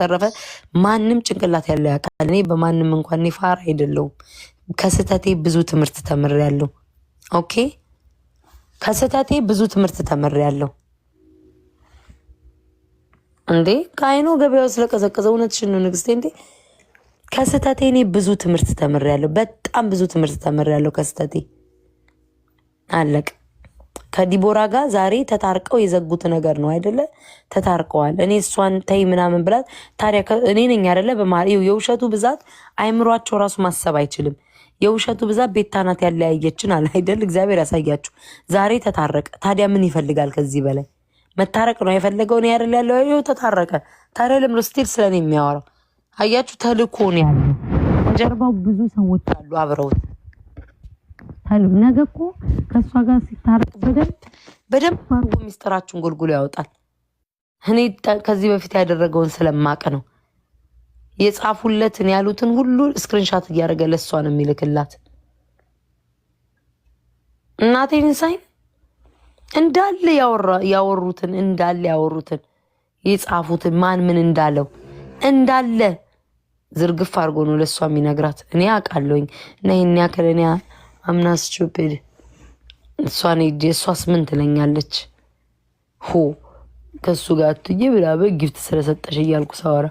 በተረፈ ማንም ጭንቅላት ያለው ያውቃል። እኔ በማንም እንኳን ፋራ አይደለሁም። ከስህተቴ ብዙ ትምህርት ተምሬያለሁ። ኦኬ፣ ከስህተቴ ብዙ ትምህርት ተምሬያለሁ። እንዴ ከአይኖ ገበያው ስለቀዘቀዘ እውነትሽን ነው ንግስቴ። እንዴ ከስህተቴ እኔ ብዙ ትምህርት ተምሬያለሁ። በጣም ብዙ ትምህርት ተምሬያለሁ ከስህተቴ አለቅ ከዲቦራ ጋር ዛሬ ተታርቀው የዘጉት ነገር ነው አይደለ? ተታርቀዋል። እኔ እሷን ተይ ምናምን ብላት፣ ታዲያ እኔ ነኝ አይደለ? የውሸቱ ብዛት አይምሯቸው ራሱ ማሰብ አይችልም። የውሸቱ ብዛት ቤታናት ያለያየችን አለ አይደል? እግዚአብሔር ያሳያችሁ። ዛሬ ተታረቀ። ታዲያ ምን ይፈልጋል ከዚህ በላይ? መታረቅ ነው የፈለገው። እኔ አይደል ያለው ይኸው ተታረቀ። ታዲያ ለምን ስቲል ስለኔ የሚያወራው? አያችሁ፣ ተልእኮ ነው ያለው። ከጀርባው ብዙ ሰዎች አሉ አብረውት አልም ነገ እኮ ከእሷ ጋር ሲታረቅ በደንብ በደንብ አድርጎ ሚስጥራችሁን ጎልጉሎ ያወጣል። እኔ ከዚህ በፊት ያደረገውን ስለማቅ ነው የጻፉለትን ያሉትን ሁሉ ስክሪንሻት እያደረገ ለእሷ ነው የሚልክላት። እናቴን ሳይን እንዳለ ያወሩትን እንዳለ ያወሩትን የጻፉትን ማን ምን እንዳለው እንዳለ ዝርግፍ አድርጎ ነው ለእሷ የሚነግራት። እኔ አውቃለሁኝ እና ይህን ያክል እኔ አምና ስቹፒድ እሷን ሄጄ እሷ ስምን ትለኛለች። ሁ ከሱ ጋር አትዬ ብላ በጊፍት ስለሰጠሽ እያልኩ ሳወራ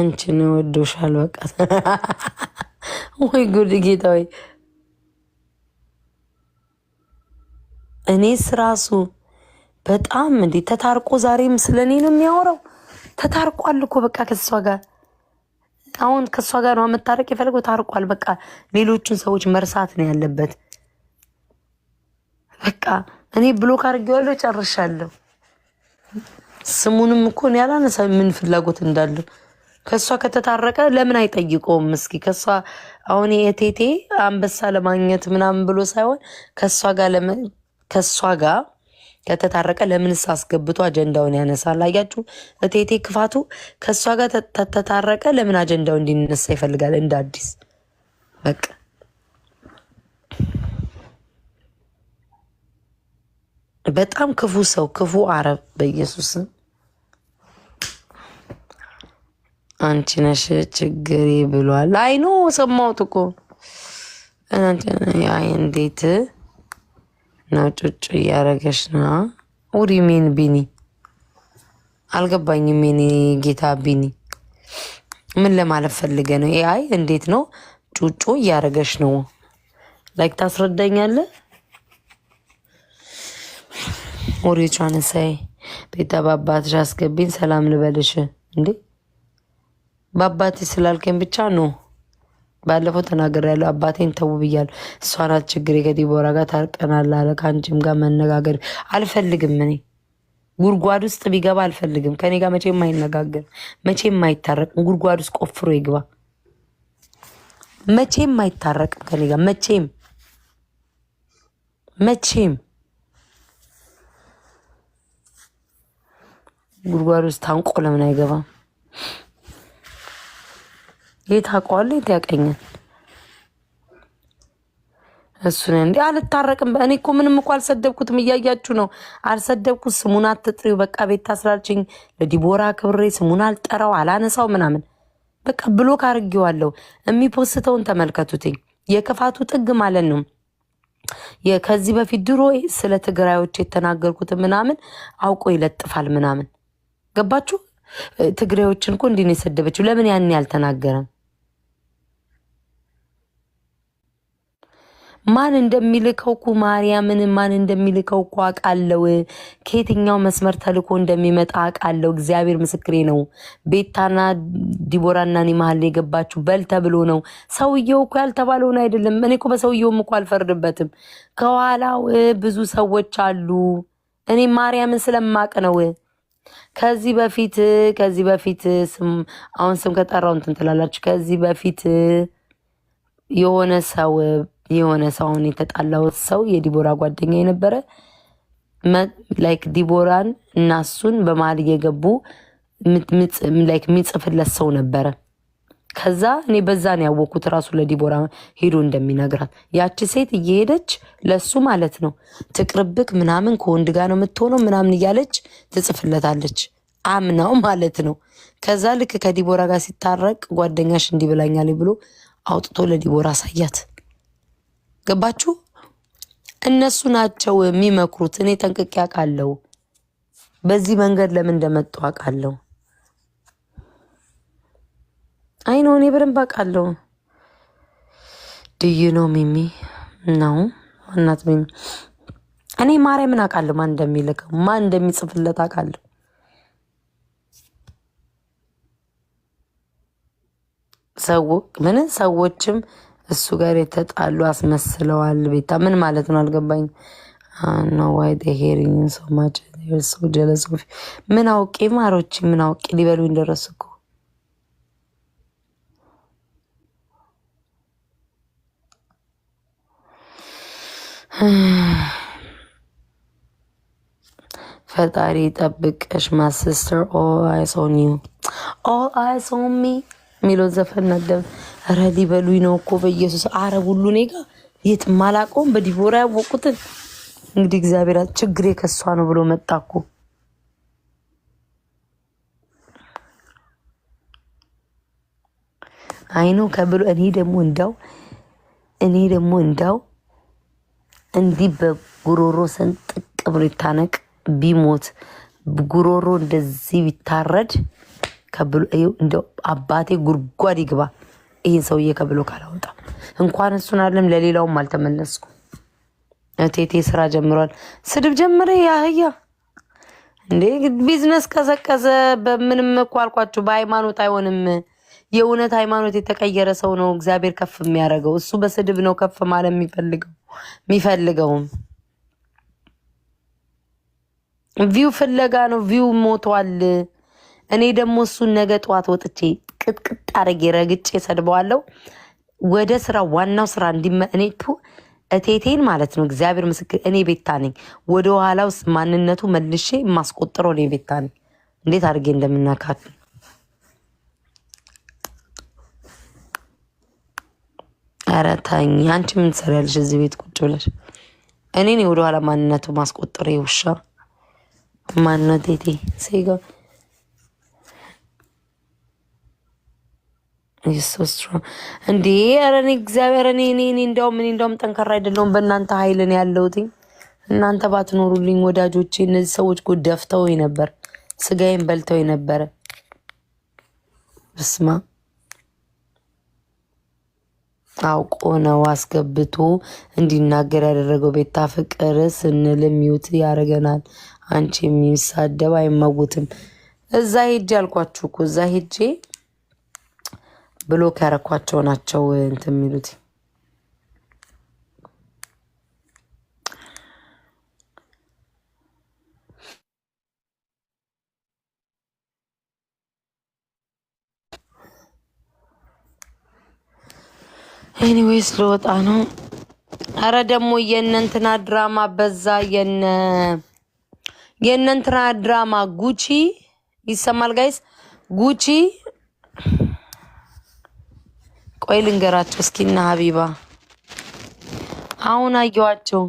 አንቺን ወዶሻል በቃ ወይ ጉድ ጌታ ወይ እኔስ ራሱ በጣም እንዴ ተታርቆ ዛሬም ስለ እኔ ነው የሚያወራው። ተታርቋል እኮ በቃ ከሷ ጋር አሁን ከሷ ጋር ነው መታረቅ የፈለገው። ታርቋል በቃ ሌሎችን ሰዎች መርሳት ነው ያለበት። በቃ እኔ ብሎክ አድርጌዋለሁ፣ ጨርሻለሁ። ስሙንም እኮ ነው ያላነሳ ምን ፍላጎት እንዳለው ከሷ ከተታረቀ ለምን አይጠይቀውም? እስኪ ከሷ አሁን የቴቴ አንበሳ ለማግኘት ምናምን ብሎ ሳይሆን ጋር ለምን ከሷ ጋር ከተታረቀ ለምንስ አስገብቶ አጀንዳውን ያነሳል? አያችሁ እቴቴ ክፋቱ ከእሷ ጋር ተታረቀ። ለምን አጀንዳው እንዲነሳ ይፈልጋል? እንደ አዲስ በቃ በጣም ክፉ ሰው፣ ክፉ አረብ። በኢየሱስ አንቺ ነሽ ችግሬ ብሏል። አይኖ ሰማሁት እኮ እንዴት ነው ጩጭ እያደረገች ና ውሪ ሜን ቢኒ አልገባኝም። ሜን ጌታ ቢኒ ምን ለማለት ፈልገ ነው? ኤአይ እንዴት ነው ጩጩ እያደረገች ነው? ላይክ ታስረዳኛለ ወሬቿን ሳይ ቤታ በአባትሽ አስገቢኝ ሰላም ልበልሽ እንዴ? በአባትሽ ስላልከኝ ብቻ ነው ባለፈው ተናገር ያለው አባቴን ተው ብያለሁ። እሷ ናት ችግሬ። ከዲቦራ ጋር ታርቀናል አለ። ከአንቺም ጋር መነጋገር አልፈልግም። እኔ ጉድጓድ ውስጥ ቢገባ አልፈልግም። ከኔ ጋር መቼም አይነጋገርም፣ መቼም አይታረቅም። ጉድጓድ ውስጥ ቆፍሮ ይግባ። መቼም አይታረቅም ከኔ ጋር መቼም መቼም ጉድጓድ ውስጥ ታንቆ ለምን አይገባም? የት አውቀዋለሁ? የት ያቀኛል? እሱን እንዴ አልታረቅም። እኔ እኮ ምንም እኮ አልሰደብኩትም። እያያችሁ ነው፣ አልሰደብኩት። ስሙን አትጥሪው። በቃ ቤታ ስላልችኝ ለዲቦራ ክብሬ ስሙን አልጠራው አላነሳው ምናምን በቃ ብሎክ አድርጌዋለሁ። የሚፖስተውን ተመልከቱትኝ። የክፋቱ ጥግ ማለት ነው። ከዚህ በፊት ድሮ ስለ ትግራዮች የተናገርኩትን ምናምን አውቆ ይለጥፋል ምናምን ገባችሁ? ትግራዮችን እኮ እንዲህ ነው የሰደበችው። ለምን ያን ያልተናገረም? ማን እንደሚልከው እኮ ማርያምን ማን እንደሚልከው እኮ አውቃለሁ። ከየትኛው መስመር ተልኮ እንደሚመጣ አውቃለሁ። እግዚአብሔር ምስክሬ ነው። ቤታና ዲቦራና እኔ መሀል የገባችሁ በል ተብሎ ነው። ሰውየው እኮ ያልተባለውን አይደለም። እኔ እኮ በሰውየውም እኮ አልፈርድበትም። ከኋላው ብዙ ሰዎች አሉ። እኔ ማርያምን ስለማቅ ነው። ከዚህ በፊት ከዚህ በፊት ስም አሁን ስም ከጠራው እንትን ትላላችሁ። ከዚህ በፊት የሆነ ሰው የሆነ ሰው የተጣላው የተጣላሁት ሰው የዲቦራ ጓደኛ የነበረ ላይክ ዲቦራን እና እሱን በመሀል እየገቡ ላይክ የሚጽፍለት ሰው ነበረ። ከዛ እኔ በዛ ነው ያወቅኩት ራሱ ለዲቦራ ሄዶ እንደሚነግራት ያቺ ሴት እየሄደች ለሱ ማለት ነው ትቅርብክ ምናምን ከወንድ ጋር ነው የምትሆነው ምናምን እያለች ትጽፍለታለች። አምናው ማለት ነው። ከዛ ልክ ከዲቦራ ጋር ሲታረቅ ጓደኛሽ እንዲህ ብላኛል ብሎ አውጥቶ ለዲቦራ አሳያት። ገባችሁ? እነሱ ናቸው የሚመክሩት። እኔ ጠንቅቄ አውቃለሁ። በዚህ መንገድ ለምን እንደመጡ አውቃለሁ። አይ ነው እኔ በደንብ አውቃለሁ። ድይ ነው ሚሚ ነው ማናት ሚሚ። እኔ ማርያምን አውቃለሁ፣ ማን እንደሚልከው ማን እንደሚጽፍለት አውቃለሁ። ሰው ምን ሰዎችም እሱ ጋር የተጣሉ አስመስለዋል። ቤታ ምን ማለት ነው አልገባኝ ዋይ ሄሪኝ ሶማች ሰው ጀለሶፊ ምን አውቄ ማሮች ምን አውቄ ሊበሉ እንደረሱ እኮ ፈጣሪ ጠብቀሽ። ማይ ሲስተር ኦል አይስ ኦን ዩ ኦል አይስ ኦን ሚ የሚለው ዘፈን ናደብ ኧረ ሊበሉኝ ነው እኮ በኢየሱስ አረብ ሁሉ እኔ ጋ የት አላውቀውም። በዲቦራ ያወቁትን እንግዲህ እግዚአብሔር ችግሬ ከሷ ነው ብሎ መጣ እኮ አይኖ ከብሎ እኔ ደግሞ እንዳው እኔ ደግሞ እንዳው እንዲህ በጉሮሮ ሰንጥቅ ብሎ ይታነቅ ቢሞት ጉሮሮ እንደዚህ ቢታረድ አባቴ ጉድጓድ ይግባ ይህን ሰውዬ ከብሎ ካላወጣ እንኳን እሱን አለም ለሌላውም አልተመለስኩ። እቴቴ ስራ ጀምሯል። ስድብ ጀምረ ያህያ እንዴ ቢዝነስ ከሰቀሰ በምንም እኮ አልኳችሁ፣ በሃይማኖት አይሆንም። የእውነት ሃይማኖት የተቀየረ ሰው ነው እግዚአብሔር ከፍ የሚያደርገው። እሱ በስድብ ነው ከፍ ማለት የሚፈልገው የሚፈልገውም ቪው ፍለጋ ነው። ቪው ሞቷል። እኔ ደግሞ እሱን ነገ ጠዋት ወጥቼ ቅጥቅጥ አድርጌ ረግጬ ሰድበዋለሁ። ወደ ስራ ዋናው ስራ እንዲመ እኔ እቴቴን ማለት ነው። እግዚአብሔር ምስክር እኔ ቤታ ነኝ። ወደ ኋላ ውስጥ ማንነቱ መልሼ የማስቆጥረው እኔ ቤታ ነኝ። እንዴት አድርጌ እንደምናካት ኧረ ተኝ። አንቺ ምን ትሰሪያለሽ እዚህ ቤት ቁጭ ብለሽ? እኔ ወደኋላ ማንነቱ ማስቆጥሬ ውሻ ማንነቴቴ ሴጋ እንዴ ኧረ እኔ እግዚአብሔር እኔ እኔ እኔ እንዲያውም እኔ እንዲያውም ጠንካራ አይደለሁም። በእናንተ ኃይል ነው ያለሁት። እናንተ ባትኖሩልኝ ወዳጆቼ፣ እነዚህ ሰዎች እኮ ነበር፣ ስጋዬን በልተው ነበረ። ብስማ አውቆ ነው አስገብቶ እንዲናገር ያደረገው። ቤታ ፍቅር ስንል ሚውት ያደርገናል። አንቺ የሚሳደብ አይመውትም እዛ ሄጄ አልኳችሁ እኮ እዛ ሄጄ ብሎክ ያረኳቸው ናቸው እንትን የሚሉት ኤኒዌይስ ለወጣ ነው። አረ ደግሞ የእነንትና ድራማ በዛ። የነ የእነንትና ድራማ ጉቺ ይሰማል ጋይስ ጉቺ ቆይ ልንገራቸው እስኪና ሀቢባ አሁን አየዋቸው።